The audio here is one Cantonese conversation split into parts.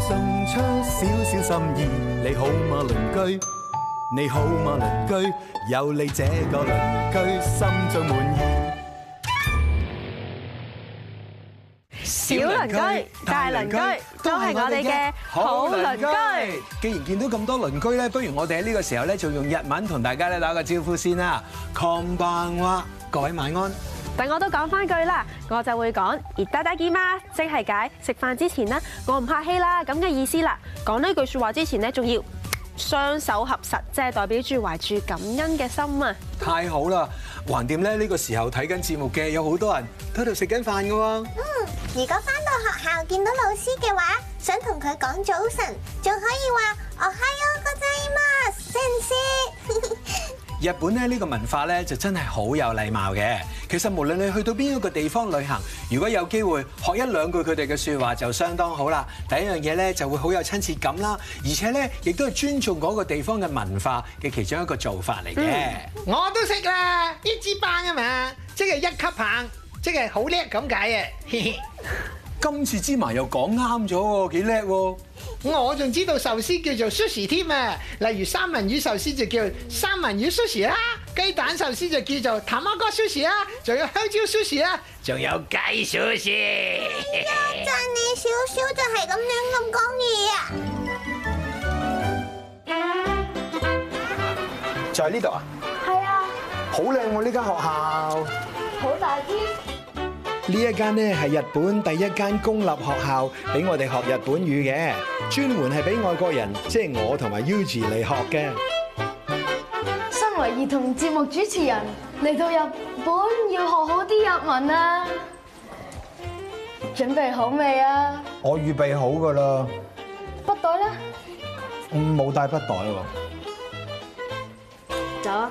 送出少少心意，你好嗎鄰居？你好嗎鄰居？有你這個鄰居，心中滿意。小鄰居、大鄰居，都係我哋嘅好鄰居。既然見到咁多鄰居咧，不如我哋喺呢個時候咧，就用日文同大家咧打個招呼先啦。Konnichiwa，各位晚安。但我都講翻句啦，我就會講熱得得見嘛，即係解食飯之前啦，我唔客氣啦，咁嘅意思啦。講呢句說話之前咧，仲要雙手合實，即係代表住懷住感恩嘅心啊！太好啦，橫掂咧呢個時候睇緊節目嘅有好多人喺度食緊飯噶。嗯，如果翻到學校見到老師嘅話，想同佢講早晨，仲可以話我係我個仔嘛，先生。日本咧呢個文化咧就真係好有禮貌嘅。其實無論你去到邊一個地方旅行，如果有機會學一兩句佢哋嘅説話就相當好啦。第一樣嘢咧就會好有親切感啦，而且咧亦都係尊重嗰個地方嘅文化嘅其中一個做法嚟嘅、嗯。我都識啦，一支棒啊嘛，即係一級棒，即係好叻咁解啊！ 今次芝麻又講啱咗喎，幾叻喎！我仲知道壽司叫做 sushi 添啊，例如三文魚壽司就叫三文魚 sushi 啦，雞蛋壽司就叫做塔瑪哥 sushi 啦，仲有香蕉 sushi 啦，仲有雞 sushi。 讚你少少就係咁樣咁講嘢啊！就喺呢度啊？係啊！好靚喎呢間學校，好大啲。呢一間咧係日本第一間公立學校，俾我哋學日本語嘅，專門係俾外國人，即係我同埋 Uzi 嚟學嘅。身為兒童節目主持人嚟到日本，要學好啲日文啊！準備好未啊？我預備好㗎喇。筆袋咧？嗯，冇帶筆袋喎。走啊！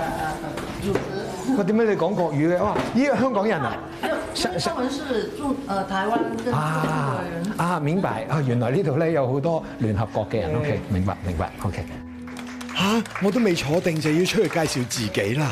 佢點解你講國語嘅？哇！呢個香港人啊！英英文是中，呃，台灣啊啊！明白啊！原來呢度咧有好多聯合國嘅人。OK，明白明白。OK，嚇！我都未坐定就要出去介紹自己啦。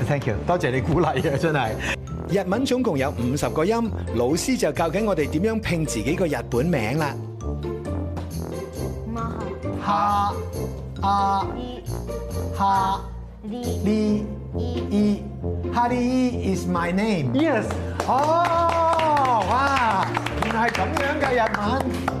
多謝，謝，謝，謝你鼓勵啊！真係。日文總共有五十個音，老師就教緊我哋點樣拼自己個日本名啦，啊。哈啊哈利哈 is my name。Yes。哦，哇！原來係咁樣嘅日文。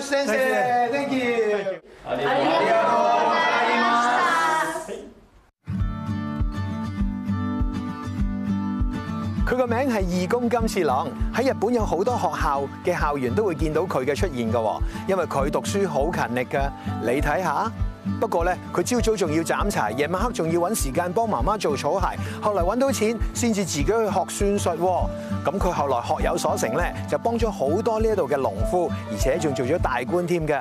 謝 thank you，佢個名係二宮金次郎，喺日本有好多學校嘅校園都會見到佢嘅出現嘅，因為佢讀書好勤力㗎。你睇下。不過咧，佢朝早仲要斬柴，夜晚黑仲要搵時間幫媽媽做草鞋。後來搵到錢，先至自己去學算術。咁佢後來學有所成咧，就幫咗好多呢度嘅農夫，而且仲做咗大官添嘅。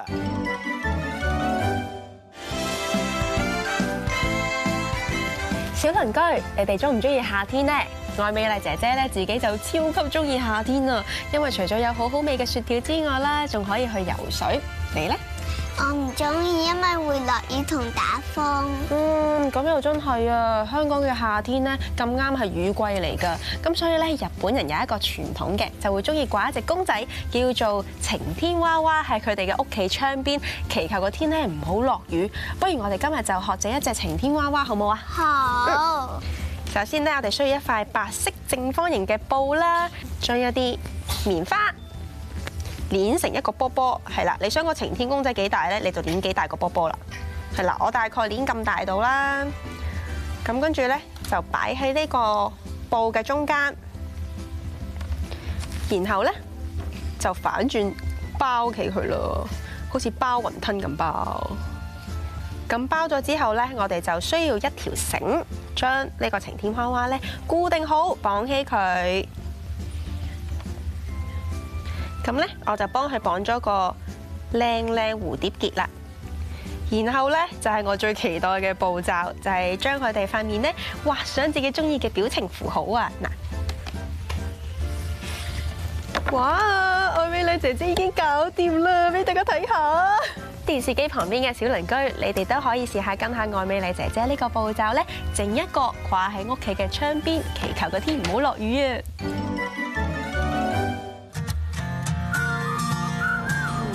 小鄰居，你哋中唔中意夏天呢？愛美麗姐姐咧，自己就超級中意夏天啊，因為除咗有好好味嘅雪條之外啦，仲可以去游水。你呢？我唔中意，因為會落雨同打風。嗯，咁又真係啊！香港嘅夏天咧，咁啱係雨季嚟噶，咁所以咧，日本人有一個傳統嘅，就會中意掛一隻公仔，叫做晴天娃娃，喺佢哋嘅屋企窗邊，祈求個天咧唔好落雨。不如我哋今日就學整一隻晴天娃娃，好唔好啊？好。首先咧，我哋需要一塊白色正方形嘅布啦，仲有一啲棉花。捏成一個波波，係啦。你想個晴天公仔幾大咧，你就捏幾大個波波啦。係啦，我大概捏咁大度啦。咁跟住咧，就擺喺呢個布嘅中間，然後咧就反轉包起佢咯，好似包雲吞咁包。咁包咗之後咧，我哋就需要一條繩將呢個晴天娃娃咧固定好，綁起佢。咁咧，我就幫佢綁咗個靚靚蝴蝶結啦。然後咧，就係我最期待嘅步驟，就係將佢哋塊面咧畫上自己中意嘅表情符號啊！嗱，哇，愛美麗姐姐已經搞掂啦，俾大家睇下。電視機旁邊嘅小鄰居，你哋都可以試下跟下愛美麗姐姐呢個步驟咧，整一個掛喺屋企嘅窗邊，祈求個天唔好落雨啊！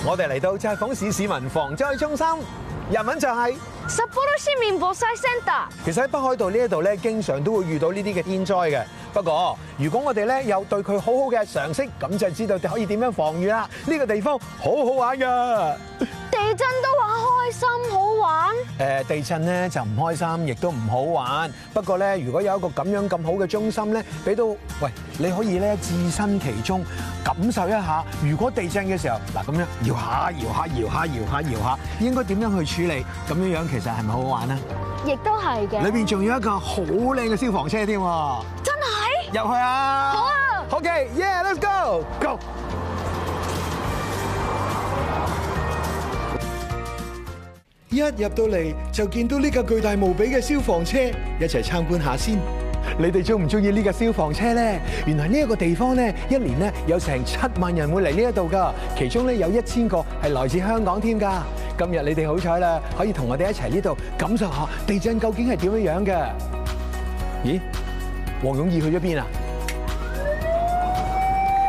我哋嚟到札幌市市民防災中心，日文就係、是。其實喺北海道呢一度咧，經常都會遇到呢啲嘅天災嘅。不過，如果我哋咧有對佢好好嘅常識，咁就知道你可以點樣防禦啦。呢個地方好好玩噶，地震都話開心，好玩。誒，地震咧就唔開心，亦都唔好玩。不過咧，如果有一個咁樣咁好嘅中心咧，俾到喂，你可以咧置身其中。感受一下，如果地震嘅時候，嗱，咁樣搖下搖下搖下搖下搖下，應該點樣去處理？咁樣樣其實係咪好好玩咧？亦都係嘅。裏邊仲有一架好靚嘅消防車添喎。真係。入去好啊好！好啊。好嘅，Yeah，let's go，go。一入到嚟就見到呢架巨大無比嘅消防車，一齊參觀一下先。你哋鍾唔鍾意呢架消防車咧？原來呢一個地方咧，一年咧有成七萬人會嚟呢一度噶，其中咧有一千個係來自香港添噶。今日你哋好彩啦，可以同我哋一齊呢度感受下地震究竟係點樣樣嘅。咦？黃勇義去咗邊啊？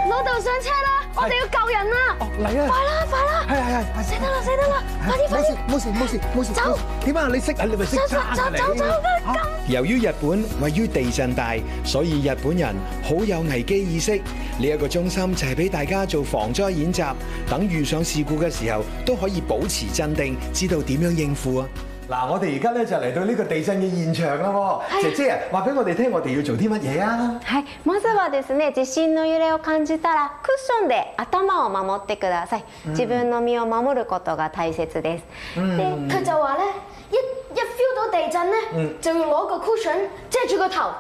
老豆上車啦！我哋要救人啦哦，嚟啊！快啦快啦！係係係，死得啦死得啦！快啲快啲！冇事冇事冇事走？點啊？你識？你咪識走走走走走！由於日本位於地震帶，所以日本人好有危機意識。呢一個中心就係俾大家做防災演習，等遇上事故嘅時候都可以保持鎮定，知道點樣應付啊！嗱，我哋而家咧就嚟到呢個地震嘅現場啦喎，姐姐啊，話俾我哋聽，我哋要做啲乜嘢啊？係，まずはですね。地震の揺れを感じたらクッションで頭を守ってください。自分の身を守ることが大切です。佢就話咧，一一 feel 到地震咧，就要攞個 cushion 遮住個頭，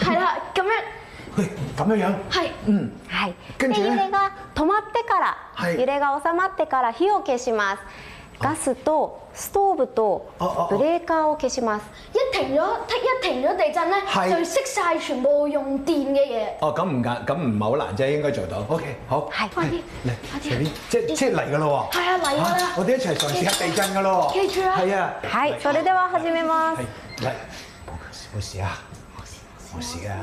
係啦，咁樣。咁樣樣？係，嗯，係。跟住呢？地震が止まってから揺れが収まってから火を消します。gas 和 stove 和 breaker 要關掉。一停咗，一停咗地震咧，就熄晒全部用電嘅嘢。哦，咁唔咁唔係好難啫，應該做到。OK，好。快啲，嚟，快啲，即即嚟嘅咯喎。係啊，嚟啦！我哋一齊嘗試下地震嘅咯。係啊。係，所以我哋開始啦。係，冇事冇事啊，冇事冇事啊，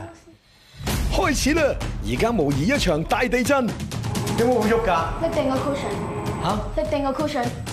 開始啦！而家模擬一場大地震，有冇會喐㗎？定個 cushion。嚇？定個 cushion。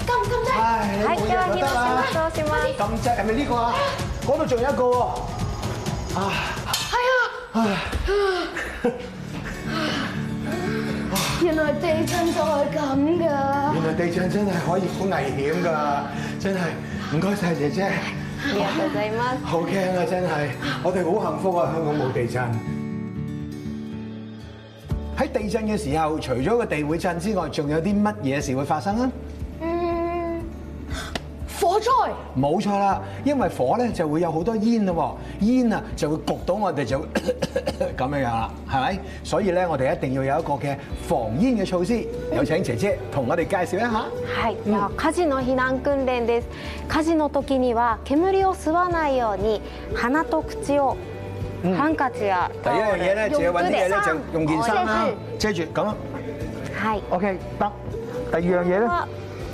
唉，你冇意又得啦。多謝你。咁隻係咪呢個啊？嗰度仲有一個喎。啊，係啊。唉。原來地震就係咁噶。原來地震真係可以好危險噶，真係。唔該曬姐姐。唔該曬，細蚊。好驚啊！真係，我哋好幸福啊！香港冇地震。喺地震嘅時候，除咗個地會震之外，仲有啲乜嘢事會發生啊？冇錯啦，因為火咧就會有好多煙咯喎，煙啊就會焗到我哋就咁樣樣啦，係咪？所以咧我哋一定要有一個嘅防煙嘅措施。有請姐姐同我哋介紹一下。係啊，火事の避難訓練です。火事の時には煙を吸わないように鼻と口をハンカチや布で、第一樣嘢咧就要搵啲嘢咧，就用件衫啦遮住咁。係，OK 得。第二樣嘢咧。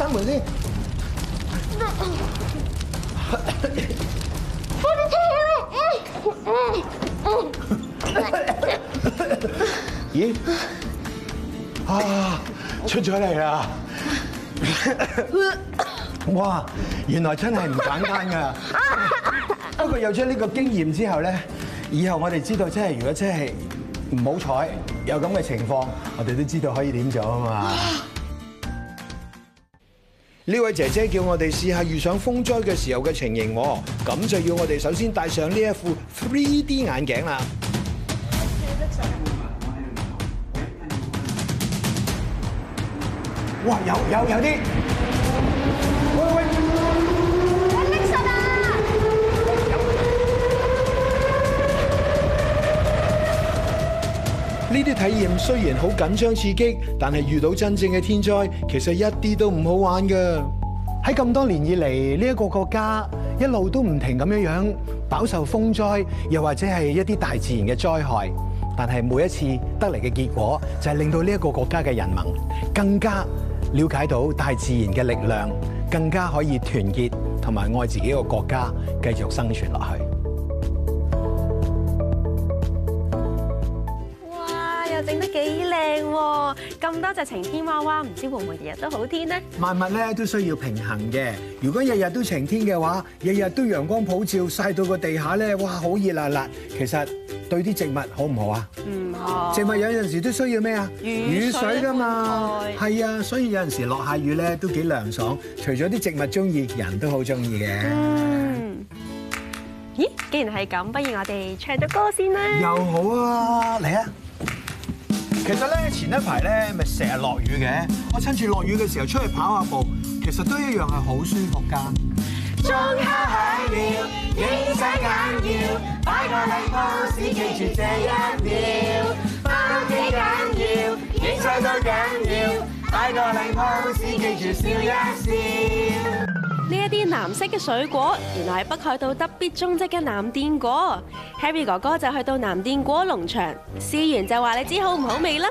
做咩啫？咦？啊！出咗嚟啦！哇！原來真係唔簡單㗎。不過有咗呢個經驗之後咧，以後我哋知道即係如果真係唔好彩有咁嘅情況，我哋都知道可以點做啊嘛。呢位姐姐叫我哋試下遇上風災嘅時候嘅情形，咁就要我哋首先戴上呢一副 3D 眼鏡啦。哇，有有有啲。呢啲體驗雖然好緊張刺激，但係遇到真正嘅天災，其實一啲都唔好玩㗎。喺咁多年以嚟，呢一個國家一路都唔停咁樣樣飽受風災，又或者係一啲大自然嘅災害。但係每一次得嚟嘅結果，就係令到呢一個國家嘅人民更加了解到大自然嘅力量，更加可以團結同埋愛自己個國家，繼續生存落去。咁多隻晴天娃娃，唔知會唔會日日都好天呢？萬物咧都需要平衡嘅。如果日日都晴天嘅話，日日都陽光普照，曬到個地下咧，哇，好熱辣辣。其實對啲植物好唔好啊？唔好。植物有陣時都需要咩啊？雨水噶嘛。係啊，所以有陣時落下雨咧都幾涼爽。除咗啲植物中意，人都好中意嘅。嗯。咦？既然係咁，不如我哋唱咗歌先啦。又好啊，嚟啊！其實咧，前一排咧咪成日落雨嘅，我趁住落雨嘅時候出去跑下步，其實都一樣係好舒服噶。呢一啲藍色嘅水果，原來係北海道特別種植嘅藍靛果。Harry 哥哥就去到藍靛果農場試完，就話你知好唔好味啦。